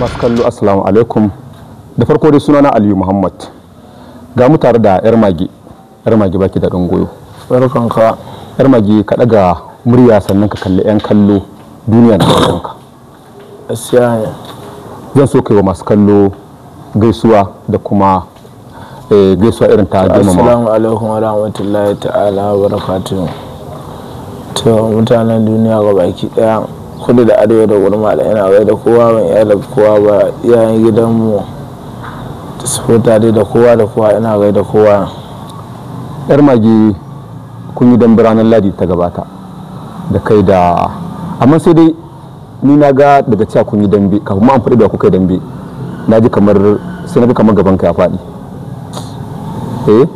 masu kallo assalamu alaikum da farko dai sunana aliyu muhammad ga mu tare da yar mage yar mage baki da goyo ka yar mage ka daga murya sannan ka kalli yan kallo duniya da kanka asiya zan so kai wa masu kallo gaisuwa da kuma eh, gaisuwa irin ta girmama assalamu alaikum wa rahmatullahi ta'ala wa barakatuh to mutanen duniya ga baki daya kudu da arewa da gurma da yana wai da kowa ban iya da kowa ba iyayen gidanmu ta sufo tare da kowa da kowa ina wai da kowa yar magi kun yi dambe ranar ladi ta gabata da kai da amma sai dai ni na ga daga cewa kun yi dambe kafin ma an faɗi da kuka dambe na ji kamar sai na ga kamar gaban ka ya faɗi Eh?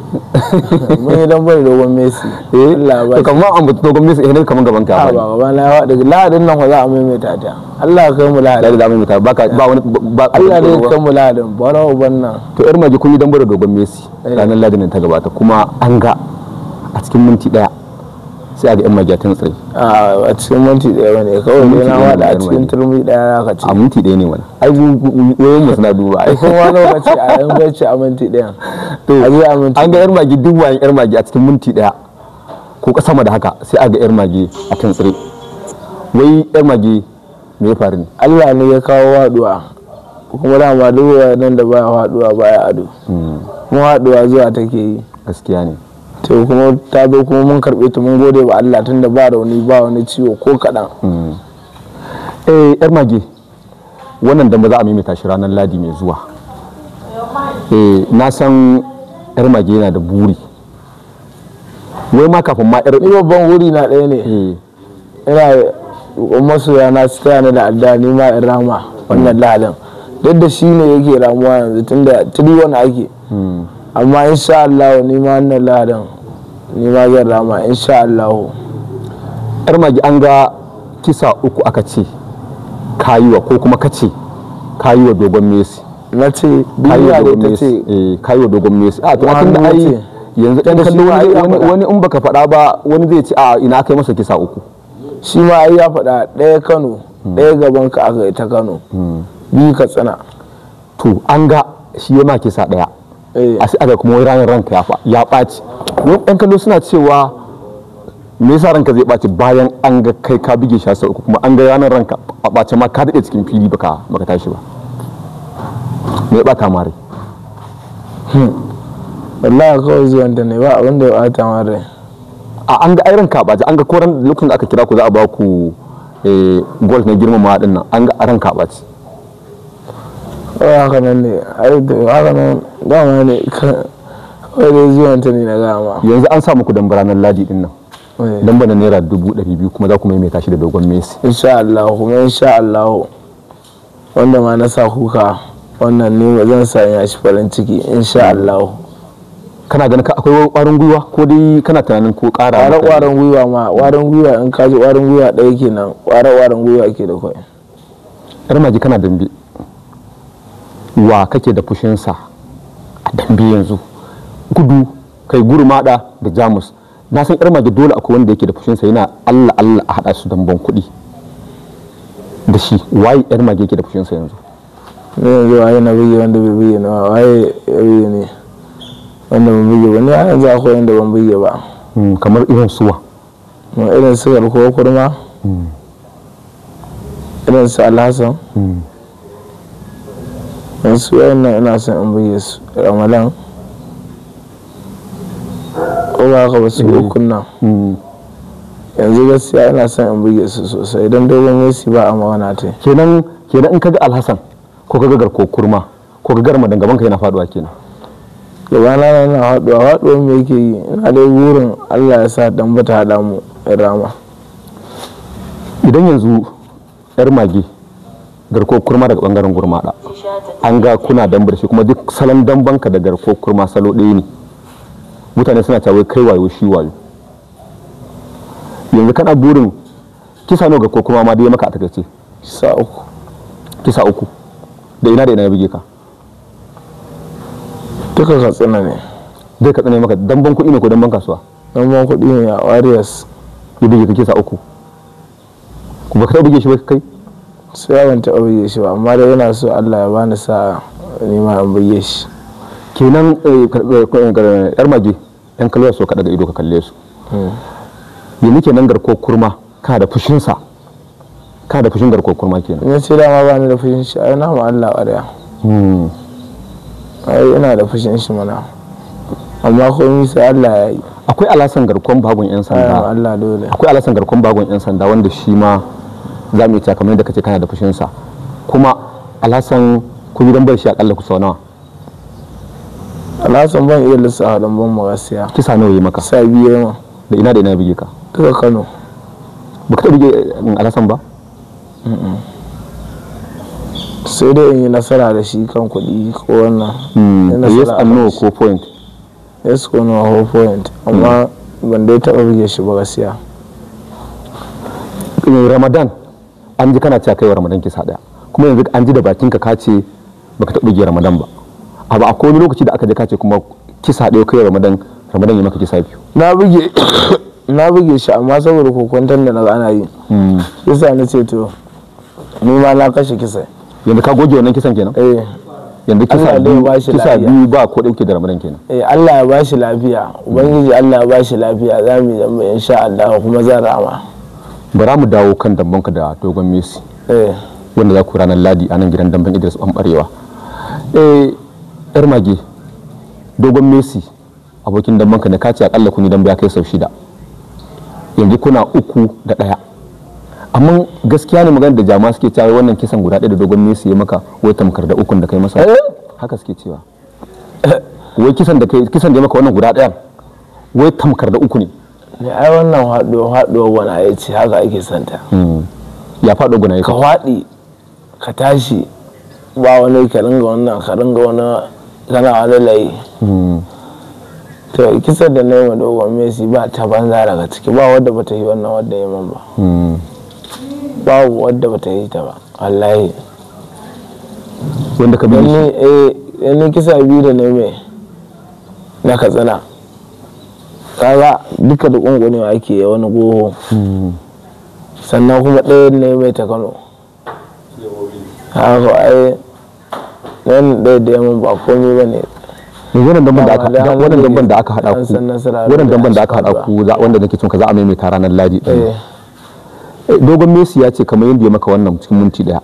mun yi dan bai dogon messi eh to kamar an mutu dogon messi eh kamar gaban ka ba ba na yawa daga lahadin nan za a maimaita ta Allah ya kai mu lahadin da maimaita ba ba wani ba Allah ya kai mu lahadin ba na uban nan to yar maji kun yi dan bai dogon messi eh. ranar lahadin ta gabata kuma an ga a cikin minti daya sai a ga yan magyatan tsare a cikin minti daya wani kawai ne na wada a cikin turmi daya na kaci a minti daya ne wani ai wayoyin mu suna duba ai kuma lokaci a yan bacci a minti daya to an ga yar magi duk wani yar magi a cikin minti daya ko sama da haka sai a ga yar magi a kan tsare wai yar magi me ya faru ne Allah ne ya kawo waduwa kuma ma duk nan da baya waduwa baya ado hmm. kuma waduwa zuwa take yi gaskiya ne to kuma ta zo kuma mun karɓe ta mun gode wa Allah da ba rauni ba wani ciwo ko kaɗan. Mm. eh yar mage wannan damba za a maimaita shi ranar ladi mai zuwa eh na san yar mage yana da buri wai ma kafin ma yar ni babban wuri na ɗaya ne eh. ina masoya na su taya ni da adda ni ma in rama wannan lalin duk da shi ne yake ramuwa yanzu tunda tiri wani ake mm. amma insha Allah ni ma wannan ladan ni ma zan rama insha Allah yar magi an ga kisa uku aka ce kayuwa ko kuma kace kayuwa dogon mesi na ce kayuwa dogon ta ce eh, kayuwa dogon mesi a to tun da ai yanzu dan kallo wani in baka faɗa ba wani zai ce a ina kai masa kisa uku shi ma ai ya faɗa ɗaya Kano hmm. ɗaya gaban ka aka ita Kano ka hmm. Katsina to an ga shi ma kisa ɗaya a sai aka kuma wani ranar ranka ya ɓaci yan kallo suna cewa me yasa ranka zai ɓaci bayan an ga kai ka bige shi sau kuma an ga ranar ranka a ɓace ma ka daɗe cikin fili baka baka tashi ba me ya ɓata ma hmm. wallahi kawai zuwan da ne ba abin da ya ɓata ma a an ga airan ka ɓaci an ga koran lokacin da aka kira ku za a ba ku eh, gol na girmama din nan an ga aran ka ɓaci wai haka nan ne ai dama ne wai zuwan ta ne na gama yanzu an samu kudin biranen ladi din nan dan bana naira dubu ɗari biyu kuma za ku maimaita shi da dogon mesi insha Allah kuma insha Allah wanda ma na sa kuka wannan ne zan sa sanya shi farin ciki insha Allah kana ganin ka akwai warin gwiwa ko dai kana tunanin ko ƙara ƙara warin gwiwa ma warin gwiwa in ka ji warin gwiwa ɗaya kenan ƙara warin gwiwa ke da kai. yar maji kana dambe wa kake da fushinsa a dambe yanzu gudu kai gurmada da jamus na san yar mage dole akwai wanda yake da fushinsa yana allah allah a haɗa su damban kuɗi da shi waye yar mage yake da fushinsa yanzu yanzu waye na buge wanda bai buge na waye ya buge ne wanda ban buge ba Ni a yanzu akwai wanda ban buge ba hmm, kamar irin suwa irin su ko kurma hmm. irin su alhassan hmm. wasu wayannan ina son in buge su ramadan ba ka wasu ukun eh. nan hmm. yanzu gaskiya ina son in buge su sosai don dogon messi ba a mawana ta kenan kenan in kaga alhassan ko kaga garko kurma ko kaga garma dangaban ka yana faduwa kenan gaba na yana faduwa faduwa me yake yi ina dai burin Allah ya sa dan bata hada mu rama idan yanzu yar mage garko kurma daga bangaren gurmada an ga kuna dambar shi kuma duk salon dambanka da garko kurma salo ɗaya ne mutane suna cewa kai wayo shi wayo yanzu kana burin kisa no ga kokuma ma dai maka a takaice kisa uku kisa uku da ina da ina ya buge ka duka tsina ne zai katsina ne maka damban kuɗi ne ko damban kasuwa damban kuɗi ne a warriors ya buge ka kisa uku kuma ka buge shi ba kai su ya ban taɓa buge shi ba amma dai yana so allah ya bani sa nima an buge shi kenan yar eh, mage yan kalwa so kaɗa da ido ka kalle su hmm. nike nan garko kurma ka da fushinsa ka da fushin garko kurma kenan ya ce dama ba ni da fushin shi ai na ma allah ƙwarya hmm. ai ina da fushin shi mana amma komai sai allah ya yi akwai alasan garkon bagon yan sanda akwai alasan garkon bagon yan sanda wanda shi ma za mu yi ta kamar yadda kace kana da sa kuma alhassan kun yi bar shi a kalla ku sau nawa alhassan ban iya lissa dan ban magasiya kisa nawa yi maka sa biyu ma da ina da ina bige ka daga kano baka ta bige mm, alhassan ba sai dai in yi nasara da shi kan kuɗi ko wannan mm, yes and no ko point yes ko no ko point amma mm. ban dai taɓa bige shi ba gaskiya ramadan an ji kana cewa kai wa ramadan kisa sada kuma yanzu an ji da bakinka ka ce baka taɓa giyar ramadan ba abu a wani lokaci da aka je kace kuma kisa ɗaya kai ramadan ramadan ya maka kisa biyu na buge na buge shi amma saboda kokwantar da na ana yi yasa hmm. na ce to ni ma na kashe kisa yanzu ka goge wannan kisan kenan eh yanzu kisa biyu kisa biyu ba ko dauke da ramadan kenan eh Allah ya bashi lafiya ubangiji Allah ya bashi lafiya zamu yi insha Allah kuma zan rama bara mu dawo kan dambanka da dogon messi eh. wanda za ku ranar ladi a nan gidan damban idris ɓanɓarewa eh, yar mage dogon messi abokin dambanka na kaci akalla kun yi damba ya kai sau shida yanzu kuna uku da ɗaya amma gaskiya ne magana da jama'a suke cewa wannan kisan guda ɗaya da dogon messi ya maka wai tamkar da ukun da kai masa eh. haka suke cewa wai kisan da kai kisan da maka wannan guda ɗaya wai tamkar da uku ne ne ai wannan haɗo haɗo wani ya ce haka ake santa hmm. ya faɗo guna ya ka haɗi ka tashi ba wani ka ringa wannan ka ringa wani kana wani layi hmm. to kisa da na yi ma dogon mesi ba ta banza daga ciki ba wadda ba ta yi wannan wadda ya man ba hmm. ba wadda ba ta yi ta ba wallahi wanda ka bi ne eh kisa biyu da na yi mai na katsina kaga duka da ne ake wani goho sannan kuma ɗaya ne mai ta kano haka ai nan ɗaya da yamma ba komai ba ne eh, wannan damban da aka wannan da aka hada ku wannan damban da aka hada ku wanda nake tunka za a maimaita ranar ladi eh. eh, dogon messi ya ce kamar yadda ya maka wannan cikin minti daya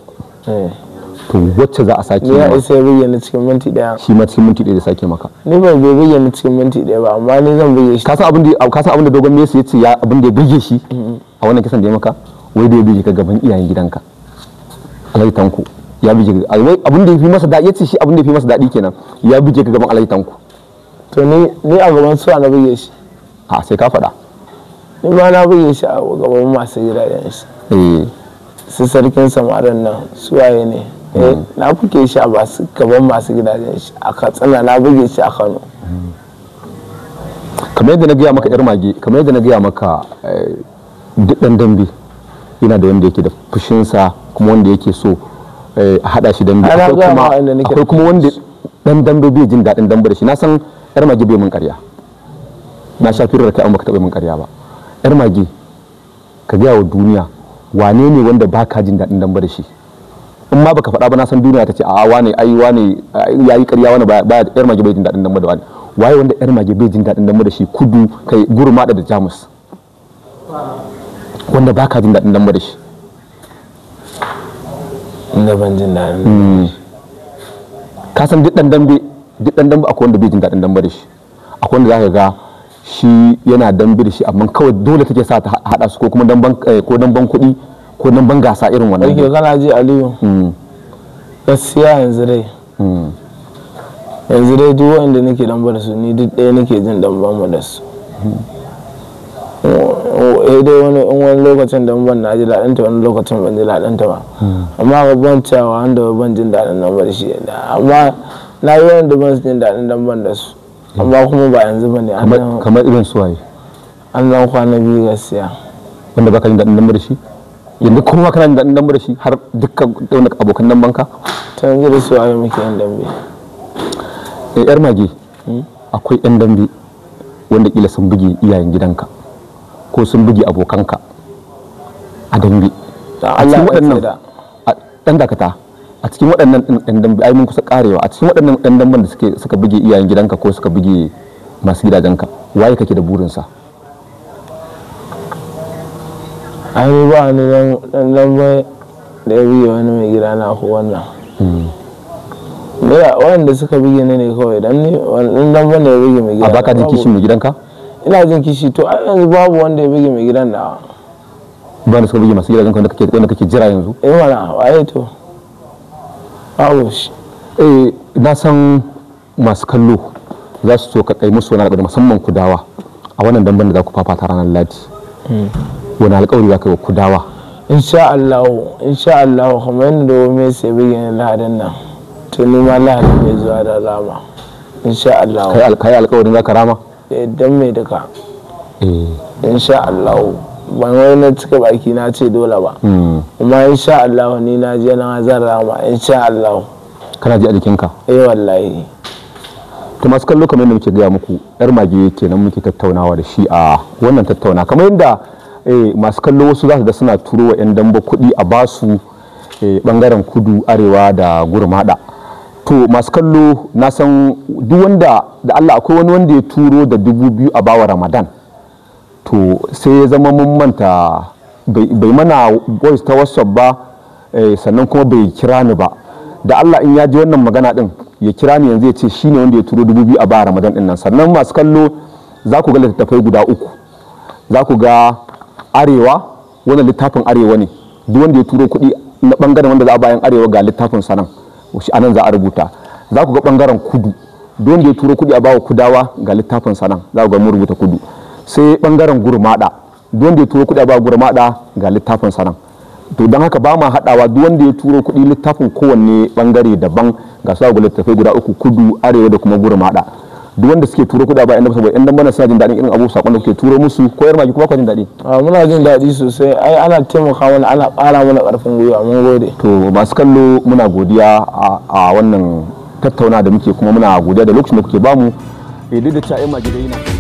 ka yi wacce za a sake maka ya isa bayyana cikin minti daya shi ma cikin minti daya da sake maka ni ba bai bayyana cikin minti daya ba amma ni zan bayyana shi kasan abin da kasan abin da dogon Messi yace ya abin da ya bayyana shi a wannan kisan da ya maka wai da ya bayyana ka gaban iyayen gidanka ya Tanko ya bige ka abin da ya fi masa daɗi yace shi abin da ya fi masa daɗi kenan ya bige ka gaban Alhaji to ni ni a gaban su ana bayyana shi a sai ka faɗa ni ma na bayyana shi a gaban masu gidajen shi eh su sarkin samarin nan suwaye ne Eh, hmm. na buge shi a basu gaban masu gidajen shi a katsina na buge shi a kano hmm. kamar yadda na gaya maka yar mage kamar yadda na gaya maka eh, duk dan dambe yana da wanda yake da fushinsa kuma wanda yake so eh, a hada shi dambe akwai kuma wanda dan dambe bai jin daɗin dambe da shi na san yar mage bai mun karya na sha firar kai an baka taɓa mun karya ba yar mage ka gaya wa duniya wane ne wanda baka jin daɗin dambe da shi in ma baka faɗa ba na san duniya ta ce a wane ai wane yi ƙarya wane ba yar mage bai jin daɗin damu da wane waye wanda yar mage bai jin daɗin damu da shi kudu kai gurma da jamus wanda baka jin daɗin dan da shi inda ban jin daɗin hmm. ka san duk dambe duk dan dambe akwai wanda bai jin daɗin damu da shi akwai wanda ka ga shi yana dambe da shi amma kawai dole take sa ta haɗa su ko kuma damban eh, ko damban ko nan ban gasa irin wannan yake kana ji aliyu mm. gaskiya yanzu dai mm. yanzu dai duk wanda nake dan bar su ni duk ɗaya nake jin dan ban mu da su mm. eh dai wani in wani lokacin dan ban na ji daɗin ta wani lokacin ban ji daɗin ta ba amma babban cewa wanda ban jin daɗin nan bar shi amma na yi wanda ban jin daɗin dan ban da su amma kuma ba yanzu bane kamar irin suwaye an nan kwana biyu gaskiya wanda baka jin daɗin nan bar shi yanzu kowa kana da dambe da shi har dukkan daunar abokan damben ka ta yanzu da su ayo muke yan dambe eh yar mage hmm? akwai yan dambe wanda kila sun buge iyayen gidanka ko sun buge abokanka a dambe a cikin waɗannan ɗan dakata a cikin waɗannan ɗan dambe ai mun kusa karewa a cikin waɗannan ɗan damben da suka buge iyayen gidanka ko suka buge masu gidajenka waye kake da burinsa ai ba ni dan lambai da ya biya wani mai gida na ko wannan mira hmm. wanda suka bige ni ne kawai dan ni wannan lambai da ya bige mai gida a baka jin kishi mai gidanka ina jin kishi to a yanzu babu wanda ya bige mai gidan da ba da suka bige masu gidajen da kake wanda kake jira yanzu eh wala ai to babu shi eh na san masu kallo za su so ka kai musu wani abu musamman ku dawa a wannan damban da za ku fafata ranar ladi hmm. wani alkawari ba ka yi kudawa insha Allah insha Allah kuma yana da wani sai bigin lahadin nan to ni ma lahadin bai zuwa da rama insha Allah kai alkawarin zaka ka rama idan mai duka eh. insha Allah ban wai na cika baki na ce dole ba kuma hmm. insha Allah ni na je na zan rama insha Allah kana ji a jikinka eh wallahi to masu kallo kamar yadda muke gaya muku yar mage kenan muke tattaunawa da shi a wannan tattauna kamar yadda Eh, masu kallo wasu za su ga suna turo wa 'yan damba kuɗi a basu bangaren eh, kudu arewa da gurmada to masu kallo na san duk wanda da allah akwai wani wanda ya turo da dubu biyu a bawa ramadan to sai ya zama mun manta bai mana voice ta whatsapp ba eh, sannan kuma bai kira ni ba da allah in ya ji wannan magana din ya kira ni yanzu ya ce shine wanda ya turo dubu biyu a bawa ramadan din nan sannan masu kallo za ku ga littattafai guda uku za ku ga arewa wannan littafin arewa ne duk wanda ya turo kuɗi na bangaren wanda za a bayan arewa ga littafin sanan shi anan za a rubuta za ku ga bangaren kudu duk wanda ya turo kuɗi a bawa kudawa ga littafin sanan za ku ga mun rubuta kudu sai bangaren gurmada duk wanda ya turo kuɗi a bawa gurmada ga littafin sanan to don haka ba ma haɗawa duk wanda ya turo kuɗi littafin kowanne bangare daban ga su ga littafai guda uku kudu arewa da kuma gurmada duk wanda suke turo kuɗa ba inda saboda yan dan suna jin daɗin irin abu sakon da kuke turo musu ko kuma jin daɗi a muna jin daɗi sosai ai ana taimaka mana ana ƙara mana ƙarfin gwiwa mun gode to masu kallo muna godiya a wannan tattauna da muke kuma muna godiya da lokacin da kuke bamu eh duk da cewa yan magi na.